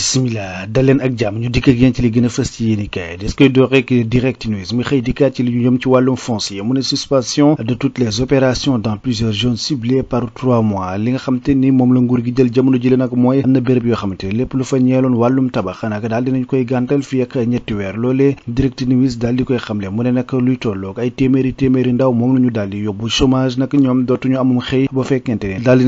bisimilah daleen ak jàmm ñu dikk ak ci li gën a fës ci yéen des koy door rek direct news xëy dikkaat ci li ñu jëm ci wàllum foncier mu ne suspension de toutes les opérations dans plusieurs zones ciblées par trois mois li nga xamante ni moom la nguur gi jël jamono ji nag mooy am na béréb yoo xamante ni lépp lu fa ñeeloon wàllum tabax nag daal dinañ koy gàntal fii ak ñetti weer loolee direct news daal koy xamle mu ne nag luy tolloog ay ñu daal di yóbbu chômage nag ñoom dootuñu amum xëy ba fekkente ne daal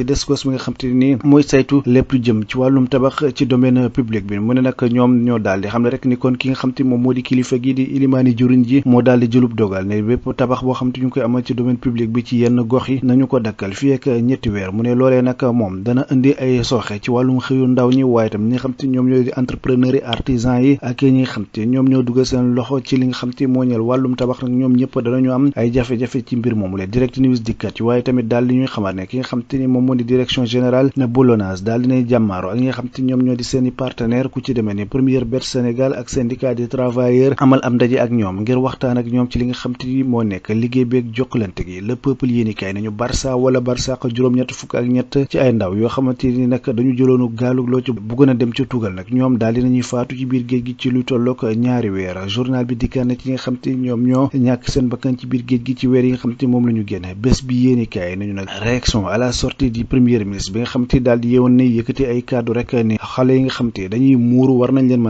ci DSCOS mi nga xam te ni mooy saytu lépp lu jëm ci wàllum tabax ci domaine public bi mu ne nag ñoom ñoo daal xam ne rek ni kon ki nga xam te moom moo di kilifa gi di ilimaani juriñ ji moo di jëlub dogal ne bépp tabax boo xam te ñu ngi koy amal ci domaine public yenn gox yi nañu ko dakkal fii ak ñetti weer mu ne loolee nag moom dana indi ay sooxe ci wàllum xëyu ndaw ñi waaye tam ñi nga xam te ñoom ñoo di entrepreneurs yi artisans yi xam te ñoom ñoo dugal seen loxo ci li nga xam te moo ñeel wàllum tabax nag ñoom ñëpp danañu am ay jafe-jafe ci mbir moomu le direct news dikkat waaye tamit daal ñuy xamaat ne ki nga xam moom moo di direction générale na bolonage daal dinay jàmmaaro ak ñi nga ñoom ñoo di seen i partenaire ku ci demee ni première bet Sénégal ak syndicat des travailleurs amal am ndaje ak ñoom ngir waxtaan ak ñoom ci li nga xam te ni moo nekk liggéey beeg jokkalante gi le peuple yéen i kaay nañu Barça wala Barça ak juróom-ñett fukk ak ñett ci ay ndaw yoo xamante ni nag dañu jëloonu gaalu loo ci a dem ca tugal nag ñoom daal dinañuy faatu ci biir géej gi ci lu tollook ñaari weer journal bi dikkaat na ci nga xam te ñoom ñoo ñàkk seen bakkan ci biir géej gi ci weer yi nga xam te moom la ñu génn bés bi yéen i kaay nañu nag ji premier ministre bi nga xam te daal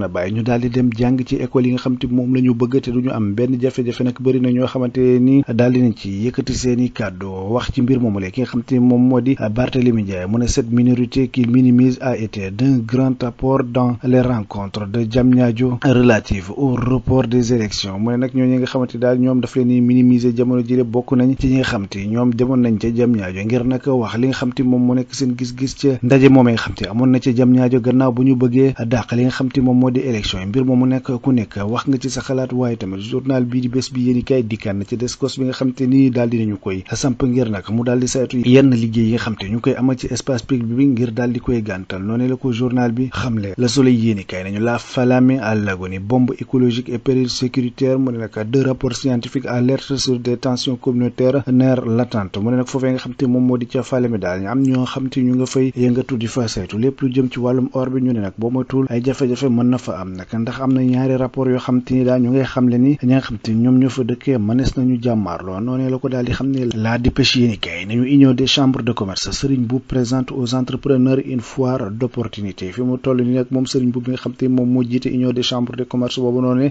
a bàyyi ñu daal moo di Barthélémy Ndiaye mu ne cette minorité a été d'un grand apport dans les rencontres de Diamniadio relatives au report des élections ñoom daf leen minimiser jamono jile bokk nañ ci ñi nga ñoom demoon nañ ca Diamniadio ngir nag wax li nga xam xamti moom moo nekk seen gis-gis ca ndaje moomee nga nga xam moom moo di élection yi mbir moomu nekk ku nekk wax nga ci sa xalaat waaye tamit journal bii di bés bi yéen kaay dikkaan na ci descos bi nga xam te ni daal dinañu koy samp ngir nag mu daal di saytu yenn liggéey yi nga xam ñu koy amal ci espace public bi ngir daal koy gàntal noonu la ko journal bi xamle la Soleil yéen kaay nañu la Falémé à l'agonie bombe écologique et péril sécuritaire mu ne nag Sénégal ñu am ñoo xam te ñu nga fay yëngatu di fa saytu lépp jëm ci wàllum or ñu ne nag boo matul ay jafe-jafe mën na fa am nag ndax am na ñaari rapport yoo xam te ni daal ñu ngay xam le ni ñi nga xam te ñoom ñoo fa dëkkee mënees nañu jàmmaarloo noonee la ko daal xam ne la dépêche yéeni nañu union des chambres de commerce Serigne Mboup présente aux entrepreneurs une foire d'opportunité fi mu toll ni nag moom Serigne Mboup bi nga xam te moom moo jiite union des chambres de commerce boobu noonee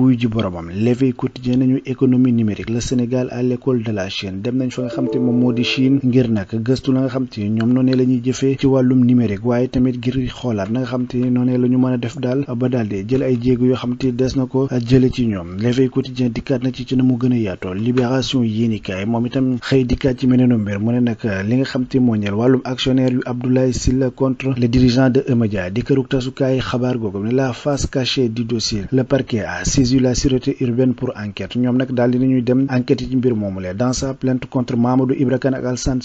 wuyu ji boromam l'éveil quotidien nañu économie numérique le Sénégal à l'école de la Chine dem nañ fa nga xam moom moo di Chine ngir nag gëstu la nga xam te ñoom noonee la ñuy ci wàllum numérique waaye tamit ngir xoolaat na nga xam te noonee la ñu a def daal ba daal jël ay jéego yoo xam des na ko jële ci ñoom l'éveil quotidien dikkaat na ci ci na mu gën a yaatoo libération yéenikaay moom itam xëy dikkaat ci meneenu mbir mu ne nag li nga xam saisi la sûreté urbaine pour enquête ñoom nag daal dinañuy dem enquête ci mbir moomu lee dans sa plainte contre Ibra Kane ak Alassane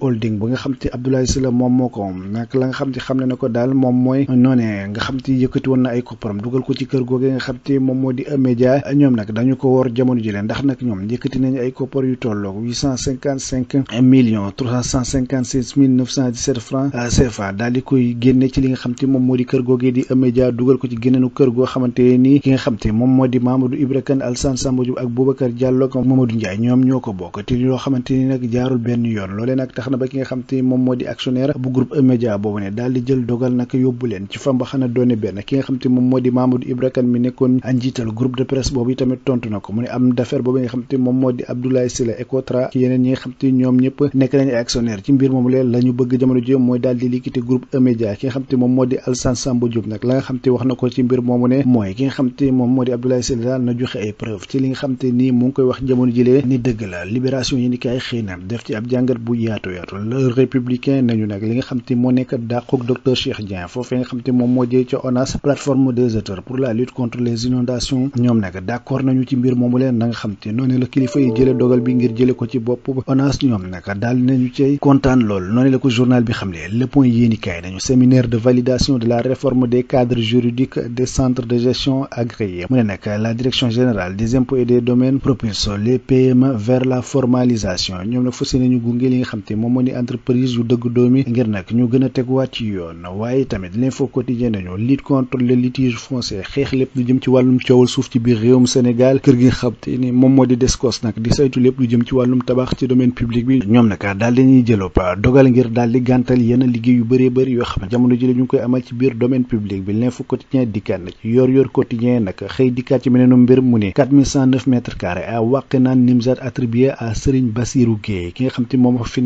Holding ba nga xam te Abdoulaye Sylla moom moo ko moom nag la nga xam te na ko daal moom mooy noonee nga xam yëkkati woon na ay kopparam dugal ko ci kër googe nga xam moom moo di média ñoom nag dañu ko wor jamono ji ndax nag ñoom yëkkati nañu ay koppar yu tolloog huit francs euh, CFA koy génne ci li nga xam te moom moo di Mamadou Ibra Kane Alassane Samba Diop ak Boubacar Diallo ak Mamadou Ndiaye ñoom ñoo ko bokk te yoo xamante ni nag jaarul benn yoon loolee nag tax na ba ki nga xam moom moo di actionnaire bu groupe E-Media boobu ne daal di jël dogal nag yóbbu leen ci fa mbaxana doone benn ki nga xam moom moo di Mamadou Ibra Kane mi nekkoon njiital groupe de presse boobu tamit tontu na ko mu ne am d'affaire boobu nga xam moom moo di Abdoulaye Sylla Ecotra ki moo moom moo di Abdoulaye Sylla na joxe ay preuve ci li nga xam te nii mu koy wax jamono jilee ni dëgg la libération yi xëy na def ci ab jàngat bu yaatu yaatu le républicain nañu nag li nga xam moo nekk dàquk docteur Cheikh Dieng foofee nga xam moom moo jee ca ONAS plateforme des auteurs pour la lutte contre les inondations ñoom nag d'accord nañu ci mbir moomu na nga xam te kilifa yi jële dogal bi ngir jële ko ci bopp ONAS accueillir mu ne nag la direction générale des impôts et des domaines propulse les vers la formalisation ñoom nag fas yéene gunge li nga xam te moom moo di entreprise yu dëgg doomi ngir nag ñu gën a teguwaat ci yoon waaye tamit l'info quotidien nañu lutte contre le litige foncier xeex lépp lu jëm ci wàllum coowal suuf ci biir réewum Sénégal kër gi xam te ni moom moo di DSCOS nag di saytu lépp lu jëm ci wàllum tabax ci domaine public bi ñoom nag daal dañuy jëlop dogal ngir daal di yenn liggéey yu bëree bëri Seck xëy dikkaat ci meneenum mbir mu ne 4109 mètres carrés à wàqinaan nimzat attribué à Serigne Bassirou Gueye ki nga xam moom fi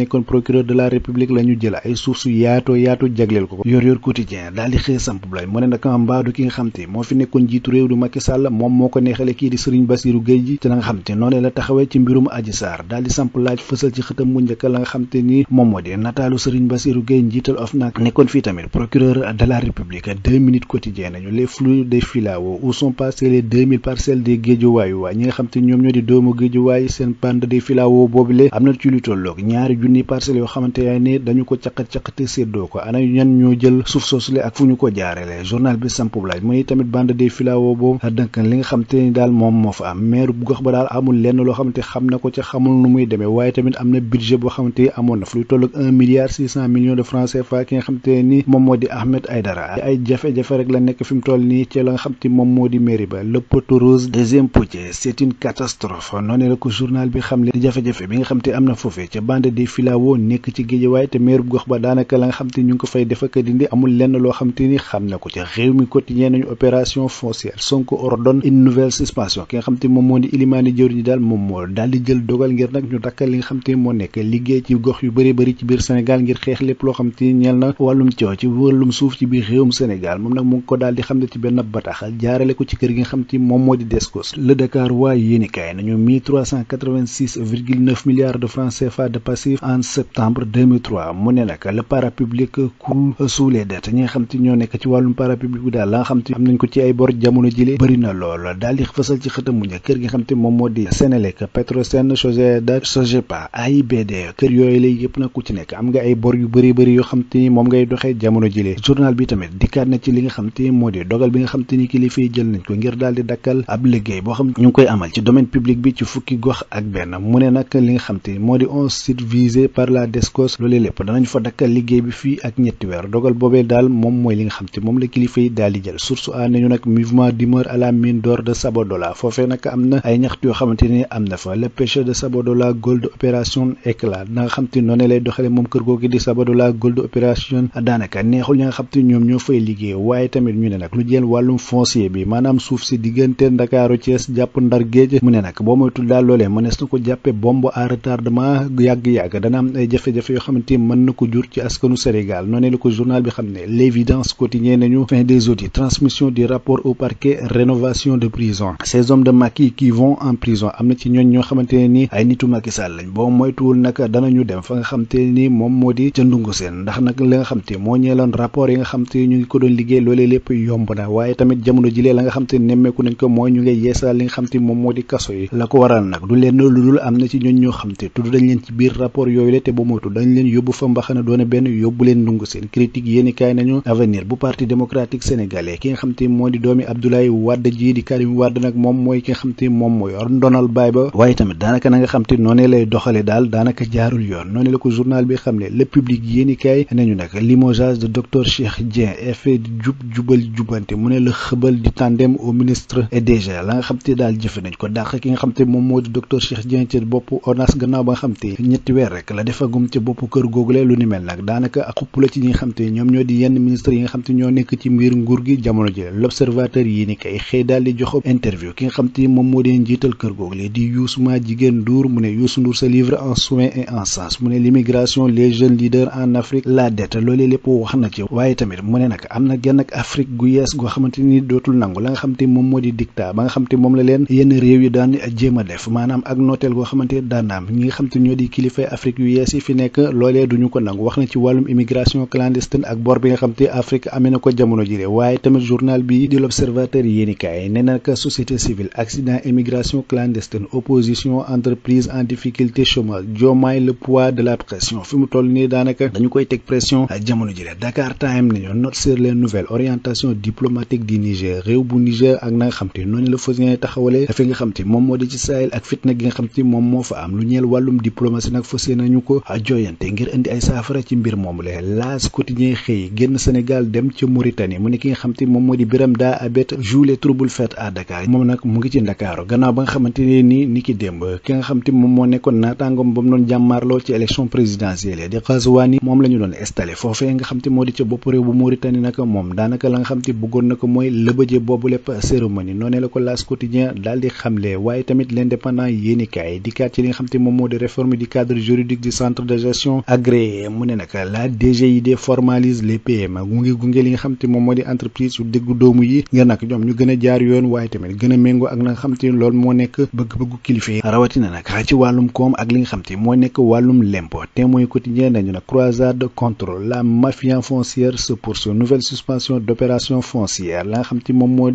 fi nekkoon jiitu réew du Macky Sall moom moo ko neexale kii di Serigne Bassirou Gueye ji te la nga xam te noonee taxawee ci mbirum Adji Sarr daal di samp laaj fësal ci xëtam mu njëkk la nga xam te ni di nataalu Serigne Bassirou Gueye njiital OFNAC nekkoon fii tamit procureur de la république minutes quotidienne ñu les flux des filaos dépassé les 2000 waa ñi nga ñoom ñoo di doomu géejuwaay seen bande de filao boobule am na ci lu tolloog ñaari junni parcelles yoo xamante ne dañu ko caqat-caqat te séddoo ko ana ñan ñoo jël suuf soosule ak fu ñu ko jaarele journal bi sampu mu ne tamit bande de filao boobu dënkan li nga xam te ni daal moom moo fa am maire bu ba daal amul lenn loo xamante xam na ko ci xamul nu muy demee waaye tamit am na budget boo xamante amoon na mairie ba le poteau rose deuxième une catastrophe noonu la ko journal bi xam le jafe-jafe bi nga xam te am na foofee ca bande des filao nekk ci géejawaay te maire bu gox ba daanaka la nga xam te ñu ngi ko fay def amul lenn loo xam te ni xam na ko ca réew mi quotidien nañu opération foncière Sonko ordonne une nouvelle suspension ki nga xam te moom moo di ilimaani jëwriñ ji daal moom moo daal di jël dogal ngir nag ñu dakkal li nga xam te moo nekk liggéey ci gox yu bëri bëri ci biir Sénégal ngir xeex lépp loo xam te ñeel na wàllum coow ci wàllum suuf ci biir réewum Sénégal moom nag mu ci kër gi nga xam moom moo di Descos le Dakar waaye yéenekaay nañu milliards de francs CFA de passif en septembre mu ne nag le parapublic coule sous les dettes ñi nga ñoo nekk ci wàllum parapublic bi daal la nga am nañ ko ci ay bor jamono jile bëri na lool daal di ci xëtam mu kër gi nga moom moo di Sénélec Petrosen Sogeda Sogepa AIBD kër yooyu lay yëpp nag ku ci nekk am nga ay bor yu bëri bëri yoo xam moom ngay doxee nañ ko ngir daal di dakkal ab liggéey boo xam ñu ngi koy amal ci domaine public bi ci fukki gox ak benn mu ne nag li nga xam te moo di onze sites visés par la DSCOS loolee lépp danañ fa dakkal liggéey bi fii ak ñetti weer dogal boobee daal moom mooy li nga xam te moom la kilifa yi daal di jël source a nañu nag mouvement d'humeur à la mine d'or de Sabodola foofee nag am na ay ñaxtu yoo xamante ni am na fa le pêcheur de Sabodola Gold Opération éclat na nga xam te noonu lay doxale moom kër googu di Sabodola Gold Opération daanaka neexul ñi xam te ñoom ñoo fay liggéey waaye tamit ñu ne nag lu jël bi maanaam suuf si diggante ndakaaru Thiès jàpp ndar géej mu ne nag boo moytul daal loolee mënees na ko jàppe bombe à retardement yàgg-yàgg dana am ay jafe-jafe yoo xamante mën na ko jur ci askanu Sénégal noonu ko journal bi xam ne l'évidence quotidienne nañu fin des audits transmission du rapport au parquet rénovation de prison ces de Macky qui vont en prison am na ci ñooñ ñoo xamante ne ay nitu Macky Sall boo moytuwul nag danañu dem fa nga xam te xam te nemmeeku nañ ko mooy ñu ngay yeesal li nga xam moom moo di kaso yi la ko waral nag du leen lu dul am na ci ñooñ ñoo xam tudd dañ leen ci biir rapport yooyu la te ba moytu dañ leen yóbbu fa mbaxana doone benn yóbbu leen ndungu seen critique yéeni nañu avenir bu parti démocratique sénégalais ki nga xam moo di doomi Abdoulaye Wade ji di Karim Wade nag moom mooy ki nga xam moom moo yor baay ba waaye tamit daanaka na nga xam te dem au ministre et DG la nga xam te daal jëfe nañ ko dàq ki nga xam moom moo di docteur Cheikh Dieng bopp ONAS gannaaw ba nga xam ñetti weer rek la defagum ci bopp kër googule lu ni mel nag daanaka ak xupp la ci ñi nga xam ñoom ñoo di yenn ministre yi nga xam ñoo nekk ci mbir nguur gi jamono ji l'observateur yii ni kay xëy daal di jox interview ki nga xam moom moo di njiital kër googule di Youssou Jigéen Ndour mu ne Youssou Ndour se livre en soin et en sens xam te moom moo di diktat ba nga xam te moom la leen yenn réew yi daan jéem a def maanaam ak nooteel goo xamante daanaam ñi nga xam te ñoo di kilifay Afrique yu yees yi fi nekk loolee duñu ko nangu wax na ci wàllum immigration clandestine ak bor bi nga xam te Afrique amee na ko jamono jire waaye tamit journal bi di l'observateur yéeni kaay ne naka société civile accident immigration clandestine opposition entreprise en difficulté chômage joomaay le poids de la pression fi nii daanaka dañu koy teg pression jamono jire Dakar Time nañu note sur les nouvelles orientations diplomatiques du Niger réew religieux Da Abed joue les trouble fête à Dakar moom nag mu ngi ci Ndakaaru gannaaw ba nga xamante ni ni démb ki nga xam moom moo nekkoon naataangoom ba doon jàmmaarloo ci élection présidentielle di Ghazouani moom la doon installé foofee nga xam moo di ca bopp réew bu Mauritanie nag moom daanaka la nga xam bëggoon na mooy lëbëje boobu lépp cérémonie noonee la ko laas quotidien daal di xamle waaye tamit l'indépendant yéenikaay dikkaat ci li nga xam te moom moo di réforme du cadre juridique du centre de gestion agréé mu ne nag la DGID formalise les PME mu ngi gunge li nga xam moom moo di entreprise yu déggu doomu yi ngir nag ñoom ñu gën a jaar yoon waaye tamit gën a ak la nga xam te moo nekk bëgg-bëggu kilifa rawatina nag ci wàllum koom ak li nga xam te moo nekk wàllum lempo témoin la mafia foncière se poursuit nouvelle suspension d'opération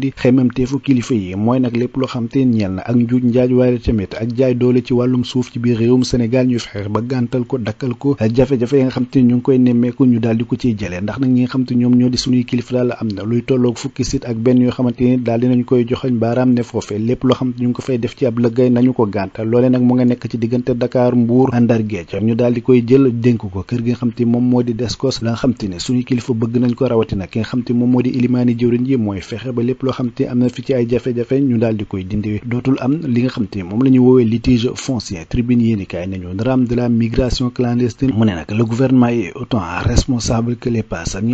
di xememteefu kilifa yi mooy nag lépp loo xam te ñeel na ak njuuj njaaj waaye tamit ak jaay doole ci wàllum suuf ci biir réewum Sénégal ñuy fexe ba gàntal ko dakkal ko jafe-jafe yi nga xam te ñu ngi koy nemmeeku ñu daal di ko ciy jëlee ndax nag ñi nga xam te ñoom ñoo di suñuy kilifa daal am na luy tolloog fukki yoo xamante ni daal dinañ koy joxañ baaraam ne lépp loo xam te ñu ngi ko fay def ci ab lëggay nañu ko gàntal loole nag mu nga nekk ci diggante Dakar Mbuur Ndar ñu daal di koy jël dénk ko kër gi nga xam te moom moo di Descos la nga xam te ne suñuy kilifa bëgg nañ ko rawatina ki nga xam te moom moo di ilimaani jëwriñ yi mooy fexe ba lépp loo xam te am na fi ci ñu daal di koy dindi dootul am li nga xam te moom la ñu woowee litige foncier tribune yéenikaay nañu drame de migration clandestine mu ne nag le gouvernement est autant responsable que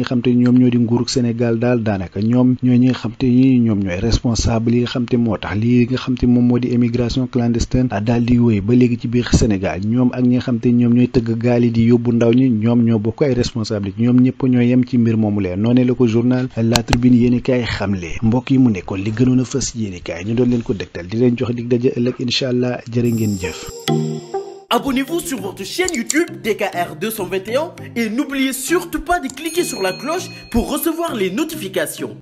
xam te ñoom ñoo di nguurug Sénégal daal daanaka ñoom ñooy ñi xam te ñi ñoom ñooy responsable yi nga xam te moo tax lii nga xam te moom moo di émigration clandestine daal di wéy ba léegi ci biir Sénégal ñoom ak ñi nga xam te ñoom ñooy tëgg gaal yi di yóbbu ndaw ñi ñoom ñoo bokk ay responsabilité ñoom ñëpp ñoo yem ci mbir moomu leen noonee la ko journal La Tribune yéenikaay xamle mbokk mbokk yi mu nekkoon li gënoon a fës yéenekaay ñu doon leen ko dégtal di leen jox dig daje ëllëg incha allah jërë vous sur votre chaîne YouTube DKR et n'oubliez surtout pas de cliquer sur la cloche pour recevoir les notifications.